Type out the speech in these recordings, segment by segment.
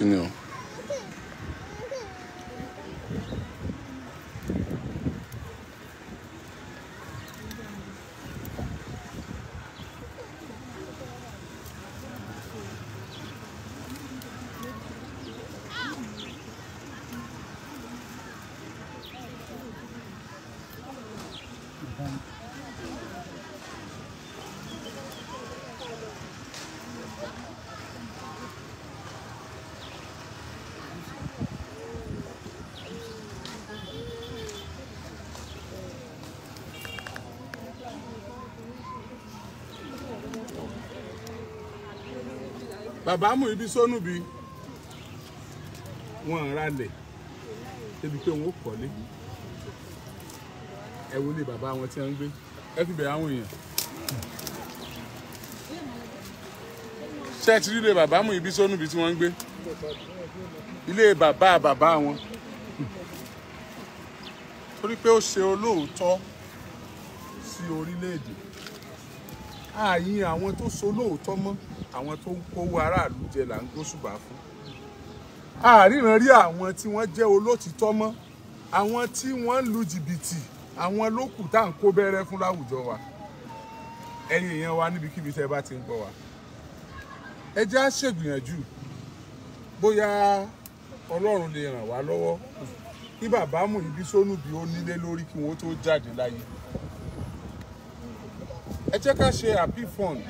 you know. bàbá mú ibi sónúbi wọn ra lẹ̀ débi pé wọn ò kọ́lé ẹ wo lé bàbá wọn tí wọn ń gbé ẹ fi bẹ̀rẹ̀ àwọn èèyàn ṣé ẹ ti rí ilé bàbá mú ibi sónúbi tí wọ́n ń gbé ilé bàbá bàbá wọn torí pé ó ṣe olóòótọ́ sí orílẹ̀-èdè ààyè àwọn tó so olóòótọ́ mọ́ àwọn tó ń kówó aráàlú jẹ là ń gbóṣùbà fún àríran rí àwọn tí wọ́n jẹ́ olótìtọ́ mọ́ àwọn tí wọ́n lu jìbìtì àwọn ló kù tá à ń kó bẹ́rẹ́ fún láwùjọ wa ẹ̀yin èèyàn wa níbikíbi tẹ́ bá ti ń gbọ́ wa ẹ jẹ́ á ṣègbìyànjú bóyá ọlọ́run lè ràn wá lọ́wọ́ kí bàbá mú ibi sónú bí ó nílé lórí kí wọ́n tó jáde láyé ẹ jẹ́ ká ṣe happy fund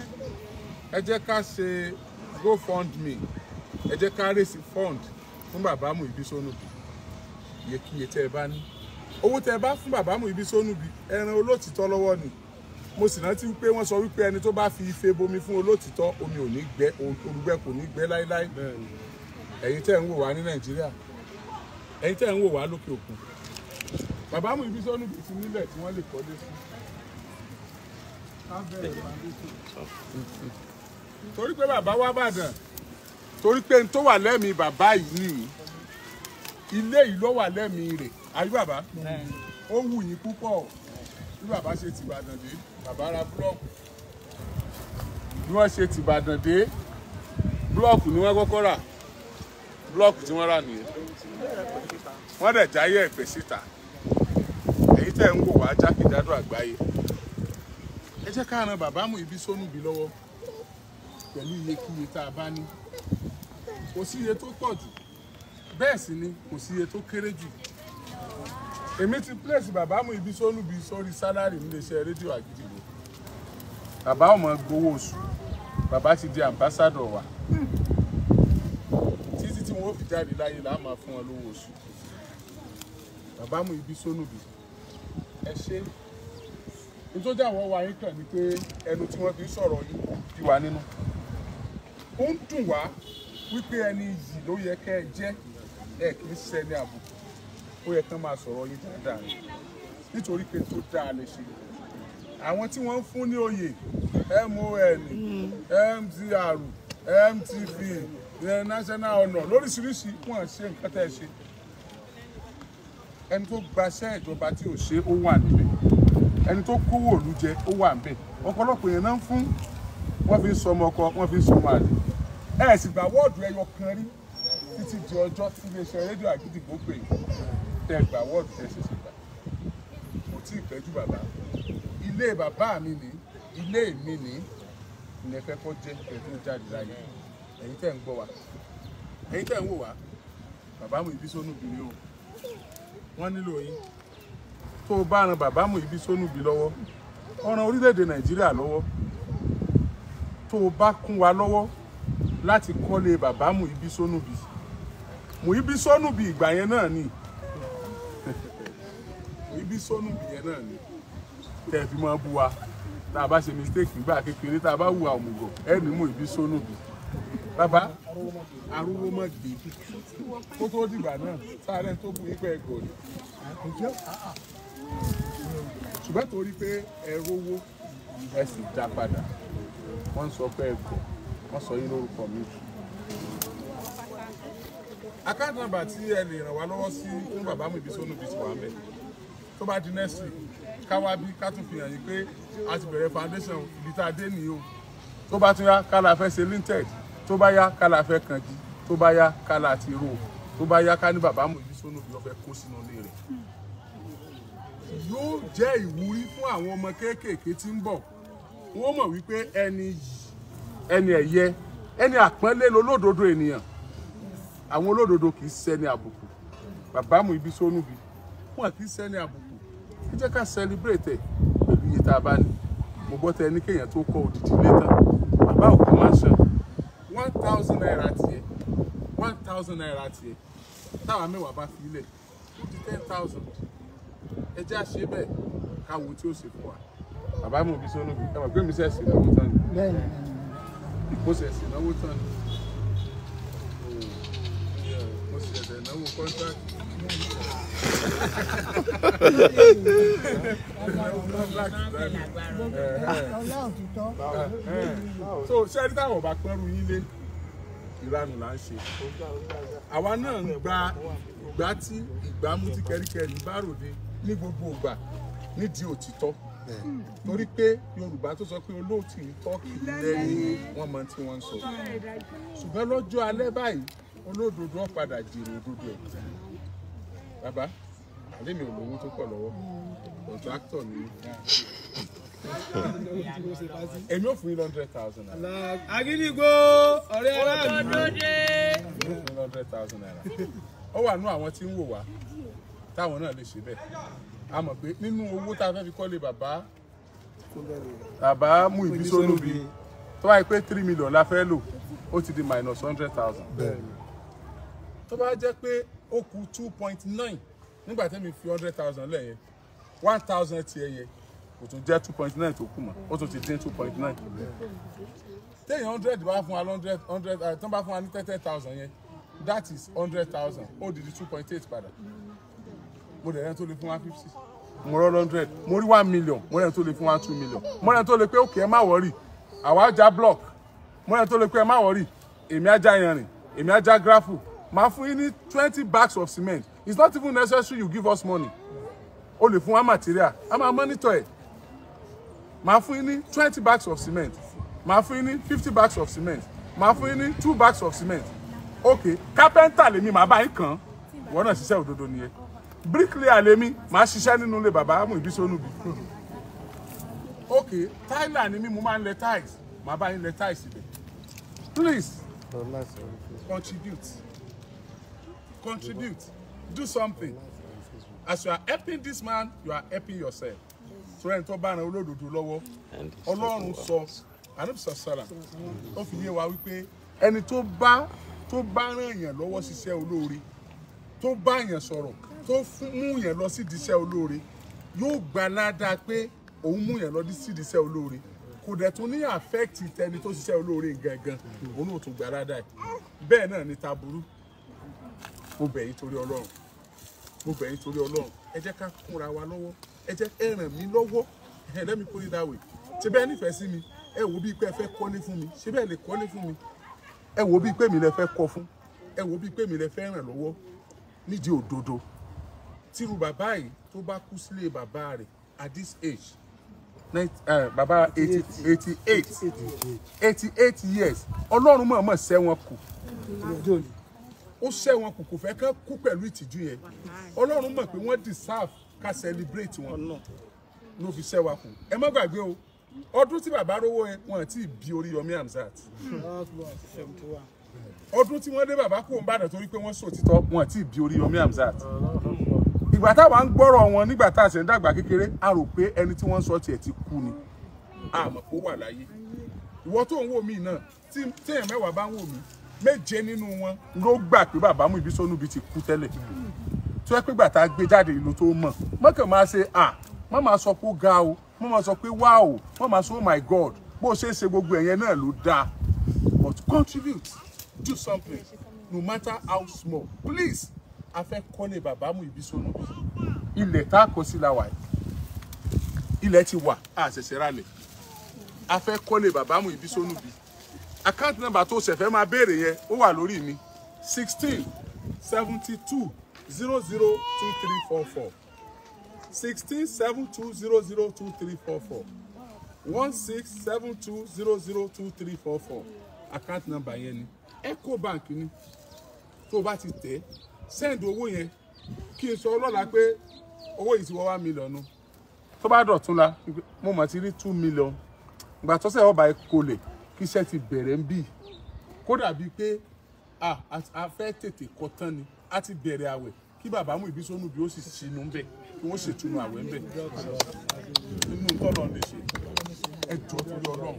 ẹ jẹ́ ká ṣe me. ẹ jẹ́ ká rèsì fund fún bàbá Muyideen Sonubi iyekíye tẹ́ ẹ bá ní owó tẹ́ ẹ bá fún bàbá Muyideen Sonubi ẹran olótìtọ́ lọ́wọ́ ni mo sì rántí wípé wọ́n sọ wípé ẹni tó bá fi ife bomi fún olótìtọ́ omi ò ní gbẹ olùgbẹ kò ní gbẹ láéláé ẹ̀yin tẹ́ ń wò wá ní Nàìjíríà ẹ̀yin tẹ́ ń wò wá lókè òkun bàbá Muyideen Sonubi ti nílẹ̀ tí wọ́n lè kọ́lé sí. ká bẹ̀rẹ̀ torí pé bàbá wá bàdàn torí pé n tó wà lẹ́mìí bàbá yìí nìyí ilé yìí ló wà lẹ́mìí rẹ̀ àyè bàbá ó wù yín púpọ̀ bí bàbá ṣe ti bàdàn dé bàbá ra búlọ́ọ̀kù bí wọ́n ṣe ti bàdàn dé búlọ́ọ̀kù ni wọ́n kọ́kọ́ rà búlọ́ọ̀kù tí wọ́n rà nìyẹn wọ́n dẹ̀ jáyé ẹ̀pẹ̀ síta èyí tẹ̀ ń wò wá jákèjádò àgbáyé ẹ jẹ́ ká ran bàbá mú ibi sónú bí lọ́wọ́ pẹ̀lú iyekíye tá a bá ní kò sí iye tó pọ̀ jù bẹ́ẹ̀ sì ni kò sí iye tó kéré jù èmi ti pílẹ̀sì bàbá mu ibi sólùbí sórí sálárì níléeṣẹ́ rédíò àgídìgbò bàbá ò mọ gbowó oṣù bàbá ti di àmbásádọ̀ wa títí tí wọn ò fi jáde láyé là á máa fún wọn lówó oṣù bàbá mu ibi sólùbí ẹ ṣe nítorí àwọn wa yín kàn ní pé ẹnu tí wọ́n fi ń sọ̀rọ̀ yín bí wa nínú ó ń dùn wá wípé ẹni yìí ló yẹ kẹ́ ẹ jẹ́ ẹ kì í ṣẹni àbùkù ó yẹ kán máa sọ̀rọ̀ yín dáadáa nítorí pé tó dáa lè ṣe àwọn tí wọ́n ń fún ní oyè MON MDR MTV national honour lóríṣiríṣi wọ́n ṣe nǹkan tẹ́ ẹ ṣe ẹni tó gbaṣẹ́ ìjọba tí ò ṣe ó wà níbẹ̀ ẹni tó kówó òlu jẹ ó wà níbẹ̀ ọ̀pọ̀lọpọ̀ èèyàn náà ń fún wọ́n fi ń sọmọ ọkọ wọ́n fi ń sọmọ àlè ẹ sì gba wọ́ọ̀dù ẹyọ kan rí títí di ọjọ́ tí iléeṣẹ́ rédíò àgídìgbò pè tẹ gba wọ́ọ̀dù tẹ ṣẹ̀ṣẹ̀ gbà kò tí ì pẹ́jú bàbá ilé bàbá mi ni ilé mi ni ilẹ̀ fẹ́ kọ́ jẹ́ ẹ̀dùn jáde láyé ẹ̀yin tẹ̀ ń gbọ́ wa ẹ̀yin tẹ̀ ń wò wá bàbá mu ibi sónú bì ni o wọ́n nílò yín tó o bá ran bàbá mu ibi sónú bì lọ́wọ́ ọ̀ràn orílẹ̀-èdè nàìjíríà lọ́wọ́ tó o bá kún wa lọ́wọ́ láti kọ́lé bàbá Muibi Sonubi Muibi Sonubi ìgbà yẹn náà ni Muibi Sonubi yẹn náà ni tẹ́ ẹ fi máa bú wa tá a bá ṣe mistake nígbà kékeré tá a bá hùwà òmùgọ̀ ẹ ní Muibi Sonubi bàbá arúgbó mọ̀ gbé kó tó dìgbà náà sáré tó bu ipa ẹ̀gọ́ ni ṣùgbọ́n torí pé ẹ rówó ẹ sì padà wọ́n sọ pé ẹ̀gọ́ wọ́n sọ yín lórúkọ mi. àkáǹtì nàbà tí ẹ lè ràn wá lọ́wọ́ sí fún bàbá mi ibi sónú ibi tí wà bẹ̀ tó bá di next week ká wá bí ká tún fi hàn yín pé a ti bẹ̀rẹ̀ foundation ibi tá o tó bá tún yá ká la fẹ́ ṣe linted tó bá yá ká la fẹ́ kànjí tó bá yá ká la ti rò tó bá yá ká ní bàbá mi ibi sónú ibi ọ̀fẹ́ kó sínú ilé rẹ̀ yóò jẹ́ ìwúrí fún àwọn ọmọ kéékèèké tí ń bọ̀ wọ́n mọ̀ wípé ẹni yìí ẹni ẹ̀yẹ ẹni àpọ́nlé lolódodo ènìyàn àwọn olódodo kì í ṣẹni àbùkù bàbá mu ibi sónúbi wọn kì í ṣẹni àbùkù ẹ jẹ́ ká celebrate ẹ̀ pẹ̀lú iye tá a bá ní mo gbọ́ tẹ ẹni kéèyàn tó kọ́ òdìdí létà bàbá òkú máa ń san one thousand naira tiẹ̀ one thousand naira tiẹ̀ táwa mẹ́wàá bá fi ilẹ̀ ó di ten thousand ẹ jẹ́ àṣẹ bẹ́ẹ̀ káwo tí ó ṣe fún wa bàbá mi ò bí sọ́nù ẹ mọ̀ pé mi sẹ́ẹ̀sì lọ́wọ́ tán ni. Oh, mo ṣẹ̀ṣẹ̀ náwó tán ni mo ṣẹ̀ṣẹ̀ so ṣẹ́rí táwọn ọba pẹ́rù yín lé ìranù là ń ṣe àwa náà ń gba ìgbà tí ìgbàmú tí kẹ́ríkẹ́rí bá ròde ní gbogbo ìgbà nídìí òtítọ́. Hmm. torí pé yorùbá tó sọ pé olóòtú tọ́kì lẹ́yìn wọ́n mọ tí wọ́n ń sọ ṣùgbọ́n lọ́jọ́ alẹ́ báyìí olódodo ọ̀padà jèrè òdodo ẹ̀ bàbá àlẹ́ mi ò lówó tó pọ̀ lọ́wọ́ kọ̀ǹtráktọ̀ ni èmi ò fún yín hundred thousand naira. agídígbò ọ̀rẹ́ aráàlú hundred thousand naira ó wà nú àwọn tí ń wò wá táwọn náà lè ṣe bẹ́ẹ̀ a mọ̀ pé nínú owó tá a fẹ́ fi kọ́lé bàbá bàbá mú ìbísọ́lóbi tó bá yẹ pé three million la fẹ́ lò ó ti di minus hundred thousand tó bá jẹ́ pé ó kù two point nine nígbà tẹ́mi fi hundred thousand lẹ̀ yẹn one thousand tiẹ̀ yẹn kò tún jẹ́ two point nine tó kù mọ́ ó tún ti dín two point nine téèyàn hundred bá fún wa hundred hundred eh, tó bá fún wa ní ten thousand yẹn that is hundred thousand ó di di two point eight padà mo dẹ̀ rẹ́ tó lè fún one fifty mo rọ́ hundred mo rí one million mo rẹ́ tó lè fún one two million mo rẹ́ tó lè pé òkè ẹ má wọ́rì àwa ajá block mo rẹ́ tó lè pé ẹ má wọ́rì èmi ajá yanrìn èmi ajá grapple màá fún yín ní twenty bags of cement it's not even necessary you give us money o lè fún wa material a máa monitor ẹ̀ màá fún yín ní twenty bags of cement màá fún yín ní fifty bags of cement màá fún yín ní two bags of cement ok kápẹ́ńtà lèmi màá bá yín kàn wọ́n náà ṣiṣẹ́ òdodo nìyẹn. Brickley Alemi, màá ṣiṣẹ́ nínú ilé bàbá Muibi Sonubi ok tyler ni mí mo máa ń lẹ tiles màá bá yín lẹ tiles ibẹ̀ please contribute contribute do something as you are helping this man you are helping yourself so ẹni tó bá ran olódodo lọ́wọ́ ọlọ́run sọ anabisa sara ó fi yé wa wípé ẹni tó bá tó bá ràn yàn lọ́wọ́ ṣiṣẹ́ olóore tó bá yàn sọ̀rọ̀ tó mú yẹn lọ sí ìdíṣẹ́ olóore yóò gbà ládàá pé òun mú yẹn lọ sí ìdíṣẹ́ olóore kò dẹ̀ tún ní àfẹ́ẹ̀tì tẹni tó ṣiṣẹ́ olóore gangan òun ò tún gbà ládàá bẹ́ẹ̀ náà ni taburú mo bẹ̀ yín torí ọlọ́run mo bẹ̀ yín torí ọlọ́run ẹ jẹ́ ká kúnra wa lọ́wọ́ ẹ jẹ́ ẹ ràn mí lọ́wọ́ ẹ let me put it that way ṣe bẹ́ẹ̀ nífẹ̀ẹ́ sí mi ẹ wò bíi pé ẹ fẹ́ kọ́lé fún mi ṣe bẹ́ẹ̀ lè kọ́lé fún mi ẹ wò bíi pé mi lẹ fẹ́ kọ́ fún ẹ wò bíi pé mi lẹ fẹ́ ràn lọ́wọ́ nídìí òdodo tírú bàbá yìí tó bá kú sílé bàbá rẹ̀ at this age eh, bàbá eighty eight eighty eight years ọlọ́run mọ̀ọ́mọ̀ sẹ́ wọn kù ó ṣẹ́ wọn kù kò fẹ́ kán kú pẹ̀lú ìtìjú yẹn ọlọ́run mọ̀ pé wọ́n deserve ká celebrate wọn ló fi ṣẹ́ wa kù ẹ má gbàgbé o ọdún tí bàbá rówó yẹn wọn àti bí Oríyọmí Hamzat ọdún tí wọ́n dé bàbá kú òun bàdàn torí pé wọ́n sòtítọ́ wọn àti bí Oríyọmí Hamzat ìgbà táwa ń gbọ́rọ̀ wọn nígbà tá a ṣe ń dàgbà kékeré a rò pé ẹni tí wọ́n ń sọ tiẹ̀ ti kú ni àmọ́ ó wà láyé ìwọ tó ń wò mí náà tí èèyàn mẹ́wàá bá ń wò mí méje nínú wọn ló gbà pé bàbá mú ibi sónú ibi ti kú tẹ́lẹ̀ tó yẹ pé gbà tá a gbé jáde ìlú tó mọ̀ mọ́kàn máa ṣe à má máa sọ pé ó ga o má máa sọ pé wá o má máa sọ oh my god bó ṣe ń ṣe gbogbo ẹ̀yẹn náà ló dáa but contribute do something no matter how small please a fẹ́ kọ́lé bàbá Muyideen Sonubi ilẹ̀ tá a kó sí la wà ilẹ̀ ti wà a ṣẹ̀ṣẹ̀ ra lẹ̀ a fẹ́ kọ́lé bàbá Muyideen Sonubi account number tó ṣẹ̀fẹ́ máa béèrè yẹn ó wà lórí mi sixteen seventy two zero zero two three four four sixteen seven two zero zero two three four four one six seven two zero zero two three four four account number yẹn ni Ecobank ni tó o bá ti tẹ̀ send owó yẹn kí n sọ ọlọ́la pé owó yìí ti wọ́ one million nu tó bá dọ̀tún la mo mọ̀ ti rí two million ìgbà tó sẹ̀ ọba ìkọlẹ̀ kí iṣẹ́ ti bẹ̀rẹ̀ ń bì kódà bíi pé a fẹ́ tètè kọ tán ni a ti bẹ̀rẹ̀ àwẹ̀ kí bàbá mú ìbí sónú bí ó sì sinú ń bẹ̀ kí wọ́n ṣètùnú àwẹ̀ ń bẹ̀ nínú tọ́lọ̀ lè ṣe ẹ jọ̀ọ́ torí Ọlọ́run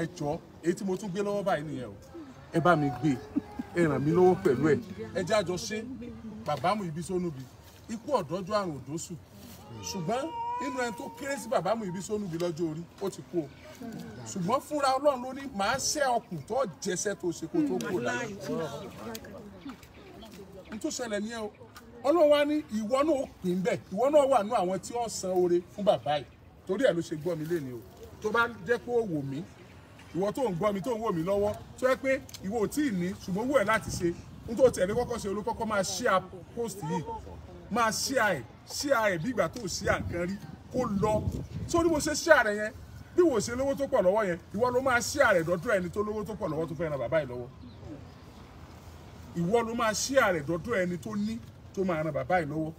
ẹ jọ̀ọ́ èyí tí mo tún gbé lọ́wọ́ báyìí nìyẹn o ẹ bá mi gbé ẹ ràn mí lọ́wọ́ pẹ̀lú ẹ̀ ẹ jẹ́ àjọ ṣe bàbá mu ibi sónúbi ikú ọ̀dọ́jọ́ àrùn òdòsù ṣùgbọ́n nínú ẹni tó kéré sí bàbá mu ibi sónúbi lọ́jọ́ orí ó ti kú o ṣùgbọ́n fúnra ọlọ́run ló ní màá ṣẹ́ ọkùn tó jẹsẹ́ tó ṣe kó tó kú láyé n tó ṣẹlẹ̀ ní ẹ o ọlọ́run wá ní ìwọ náà ó pín bẹ́ẹ̀ ìwọ náà wà nú àwọn tí ó san oore fún bàbá yìí torí ẹ̀ ló ṣe gbọ́ mi léni o tó bá jẹ́ pé wò mí ìwọ tó ń gbọ́ mi tó ń wò mí lọ́wọ́ tó yẹ pé ìwọ ò tí ì ní ṣùgbọ́n wù ẹ́ láti ṣe n tó tẹ̀lé kọ́kọ́ ṣe olókọ́kọ́ máa share post yìí máa share ẹ̀ share ẹ̀ bí ìgbà tó share nǹkan rí kó lọ tó ní mo ṣe share rẹ̀ yẹn bí wò ṣe lówó tó pọ̀ lọ́wọ́ yẹn ìwọ ló máa share rẹ̀ dọ́dọ̀ ẹni tó lówó tó pọ̀ lọ́wọ́ tó fẹ́ ran bàbá yìí lọ́wọ́ ìwọ ló máa share rẹ̀ dọ́dọ̀ ẹni tó ní tó máa ran bàbá yìí lọ́wọ́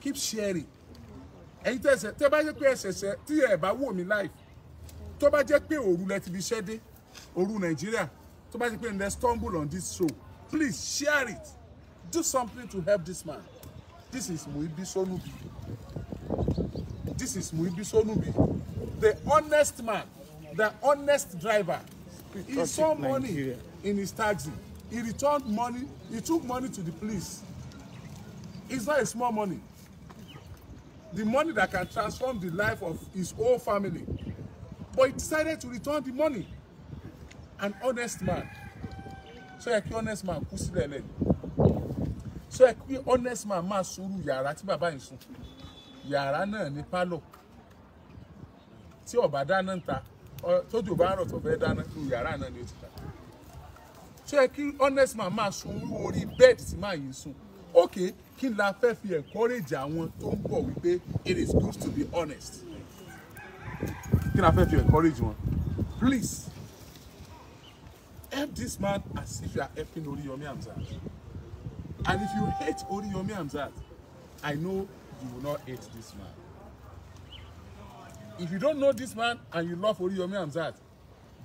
keep sharing ẹ̀yin tẹ́ bá yẹ pé ẹ̀ṣẹ̀ṣẹ̀ tí ẹ̀ bá wò mí live tó bá jẹ́ pé òru lẹ ti fi ṣẹ́ dé òru nàìjíríà tó bá jẹ́ pé lẹ stumble on this show please share it do something to help this man this is Muibi Sonubi this is Muibi Sonubi the honest man the honest driver he saw money in his taxi he returned money he took money to the police it's not a small money the money that can transform the life of his whole family but he decided to return the money an honest man so yẹ kí honest man kú sílẹ̀ lẹ́nu so yẹ kí honest man máa sùúrù yàrá tí bàbá yìí sùn yàrá náà ní pálọ̀ tí ọba dáná ń ta tójú bá rọ̀ tó fẹ́ dáná kí yàrá náà ni ó ti ta so yẹ kí honest man máa sùúrù orí bẹ́ẹ̀dì tí máa yìí sùn ok kí n la fẹ́ fi encourage àwọn tó ń bọ̀ wípé it is good to be honest. Mm -hmm kí la fẹ́ fi encourage wọn please help this man as if you are helping Oriyomi Amzat. and if you hate Oriyomi Amzat, I know you will not hate this man if you don't know this man and you love Oriyomi Amzat,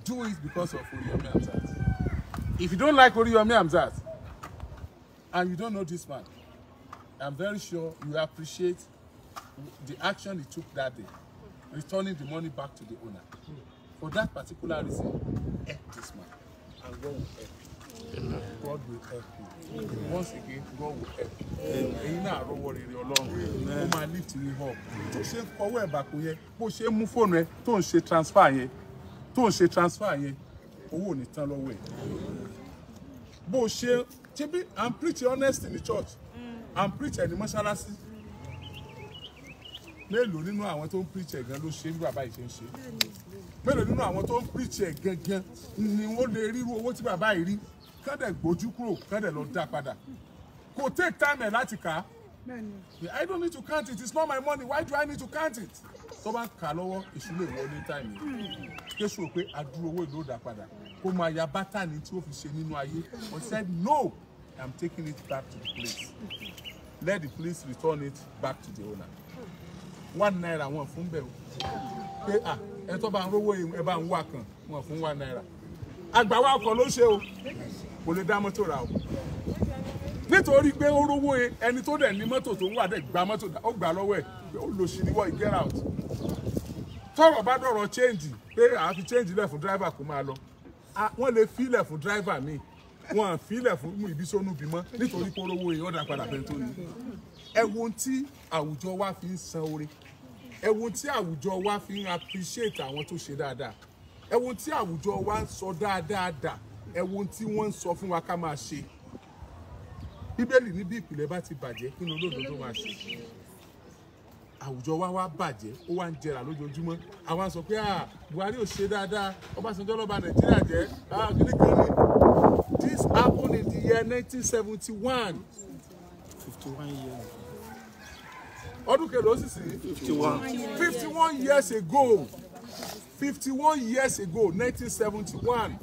do it because of Oriyomi Amzat. if you don't like Oriyomi Amzat and you don't know this man I'm very sure you appreciate the action he took that day returning the money back to the owner. For that particular reason, help this man, and God will help you. God will help you. Once again, God will help you. Ẹ̀yin náà rọwọ́ rere Ọlọ́run. Ó máa lift yín up. Tó ṣe ń kọwọ́ ẹ̀bàkú yẹn, bó ṣe ń mú fóònù ẹ tó ń ṣe transfer yẹn, tó ń transfer yẹn, owó ò ní tán lọ́wọ́ ẹ̀. I'm pretty honest in the church, I'm preaching the mọ́ṣáláṣí mélòó nínú àwọn tó ń preach ẹ̀ gan ló ṣe bí bàbá yìí ṣe ń ṣe mélòó nínú àwọn tó ń preach ẹ̀ gangan ni wọ́n lè rí owó tí bàbá yìí rí kán dẹ̀ gbójú kúrò kán dẹ̀ lọ dá padà kò take time ẹ̀ láti kà á I don't need to count it it's not my money why do I need to count it tó bá ń kà lọ́wọ́ èṣù lè wọ ní táìmì kéṣù pé adúró owó ìlú òdà padà kó máa ya bátànì tí ó fi ṣe nínú ayé but said no I'm taking it back to the place let the place return it back to the owner one naira wọn fún bẹ́ẹ̀ o pé à ẹ tó bá ń rówó ẹ bá ń wà kàn wọn fún one naira àgbàwá ọkọ̀ ló ṣe o kò lè dá mọ́tò ra o nítorí pé ó rówó ẹni tó dẹ̀ ní mọ́tò tó ń wà dẹ̀ gba mọ́tò ó gbà lọ́wọ́ ẹ̀ pé ó lò sí níwọ̀ ì get out tọ́rọ̀ bá dọ̀rọ̀ change pé àá fi change lẹ̀ fún driver kó máa lọ wọ́n lè fílẹ̀ fún driver míì wọn àfilẹ̀ fún mú ìbísọ́nù bímọ nítorí pé orówó yìí ọ̀dà padà bẹ́ẹ̀ tó ní. ẹ wo ohun tí àwùjọ wa fi ń san oore ẹ̀wọ̀n tí àwùjọ wa fi ń appreciate àwọn tó ṣe dáadáa ẹ̀wọ̀n tí àwùjọ wa sọ dáadáa dà ẹ̀wọ̀n tí wọ́n ń sọ fún wa ká máa ṣe bíbélì ní ìpìlẹ̀ bá ti bàjẹ́ kí ni olódodo máa ṣe àwùjọ wa wá bàjẹ́ ó wá ń jẹrà lójoojúmọ́ àwa sọ pé ah Buhari ò ṣe dáadáa Ọbásanjọ́ ló Nàìjíríà jẹ́ ah kìíní this happened in the year nineteen seventy one fifty one years ọdún kẹlẹ́ ó sí fifty one years ago fifty one years ago nineteen seventy one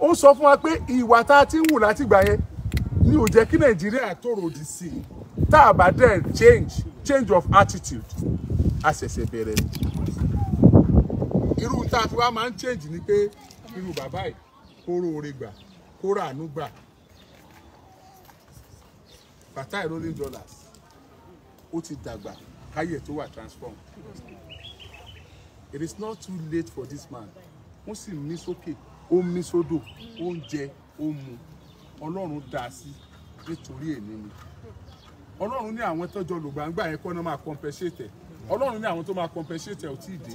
ó sọ fún wa pé ìwà tá a ti ń wù látìgbà yẹn ni ò jẹ́ kí nàìjíríà tó ròdì sí i tá a bá dẹ̀ change change of attitude a ṣẹ̀ṣẹ̀ bẹ̀rẹ̀ ni irú tá a fi wá máa ń change ni pé irú bàbá yìí kó róore gbà kó ràánú gbà bàtà ìrólé dollars ó ti dàgbà káyẹ̀ tó wà transform it is not too late for this man wọ́n sì mí sókè ó mí sódò ó ń jẹ ó mu ọlọ́run dá a sí nítorí èmi ni ọlọ́run ní àwọn tọ́jọ́ lògbàǹgbà yẹn kọ́ náà máa compensate ọlọ́run ní àwọn tó máa compensate ò tí ì dé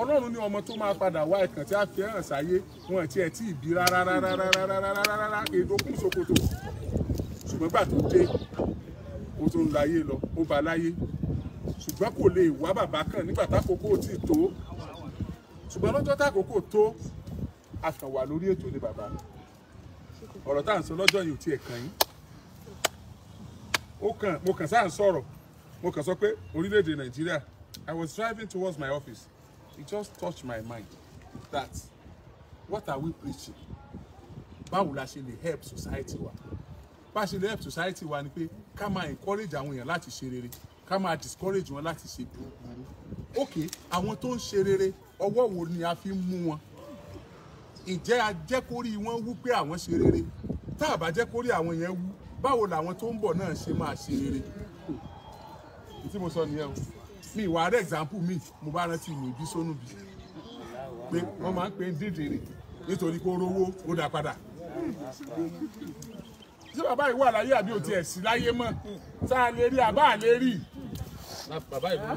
ọlọ́run ní ọmọ tó máa padà wá ẹ̀kàn tí a fi hàn sáyé wọn ti ẹ̀ tí ì bí rárá rárá rárá rárá rárá èdè okùn ṣòkòtò ṣùgbọ́n gbà tó dé ó tún ń láyé lọ ó ba láyé ṣùgbọ́n kò lè wá bàbá kan nígbà tákòókò tí tó ṣùgbọ́n lọ́jọ́ tákòókò tó a lórí ètò ní bàbá ọ̀rọ̀ tá à ń sọ lọ́jọ́ yìí ò tiẹ̀ kàn yín mo kàn sáà ń sọ̀rọ̀ mo kàn sọ pé orílẹ̀-èdè Nàìjíríà I was driving towards my office it just touched my mind that what are we preaching báwo la ṣe lè help society wa bá a ṣe lè help society wa ni pé ká máa encourage àwọn èèyàn láti ṣe rere ká máa discourage wọn láti ṣe burúkú ok àwọn tó ń ṣe rere ọwọ́ wo ni a fi ń mú wọn ìjẹ́ ajẹ́kórí wọn wú pé àwọn ṣe rere tá a bá jẹ́kórí àwọn yẹn wú báwo làwọn tó ń bọ̀ náà ṣe máa ṣe rere tí mo sọ nìyẹn o mi ìwà rẹ example mi mo bá rántí mi bí sónú bí pé wọ́n máa ń pè é dídìrì nítorí o rówó ó dá padà tí bàbá yìí wà láyé àbí òtí ẹ̀ sí láyé mọ́ tá a lè rí àbá à lè rí. bàbá ìlú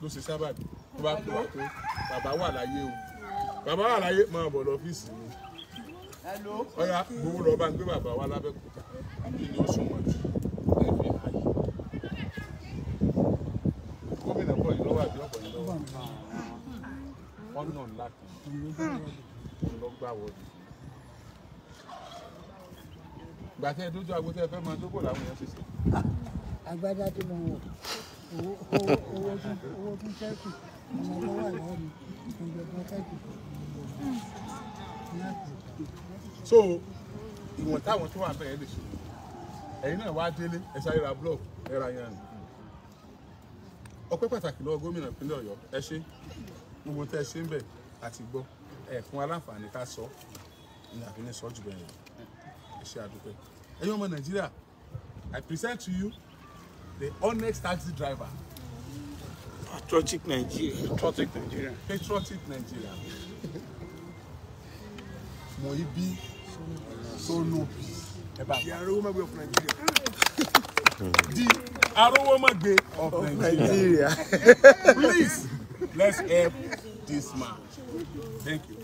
ló ṣe sábàbí tó bá pè wá pé bàbá wà láyé o bàbá wà láyé máa bọ̀ lọ́fíìsì mi. ọ̀yà gbowó lọ bá ń gbé bàbá wa lábẹ́kúta kí ni ó ẹ̀ fi àyè. gómìnà pọ̀ yìí lọ́wọ́ àbí ọ̀pọ̀ yìí lọ́wọ́ ọ̀nà ńlá kan ló gbà wọlé. ìgbà tẹ́ dójú agbo tẹ́ fẹ́ máa dókò làwọn èèyàn ṣèṣe. agbádá tí mo wọ owó tún ṣẹ́kù ọmọ tó wà lọ́wọ́ mi kò jọ̀gbọ́n so ìwọ̀n táwọn tó wà bẹ́ẹ̀ lè ṣe ẹ̀yin náà wá délé ẹ sáré ra block ẹ ra yanrìn ọpẹ́ pàtàkì lọ́wọ́ gómìnà ìpínlẹ̀ ọ̀yọ́ ẹ ṣe gbogbo tẹ́ ẹ ṣe ń bẹ̀ àti gbọ́ ẹ fún aláǹfààní ká sọ ní àfi jù bẹ́ẹ̀ yẹn ẹ ṣe àdúpẹ́ ẹ̀yin ọmọ nàìjíríà i present to you the honest taxi driver. patriotic nigeria patriotic nigeria patriotic nigeria Muibi Sonubi ẹ bá a. the Arowomagbe of Nigeria please let's help this man thank you.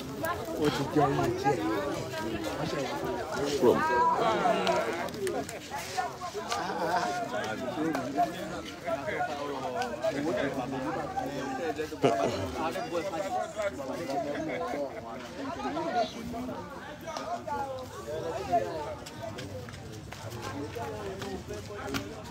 ó Thank you.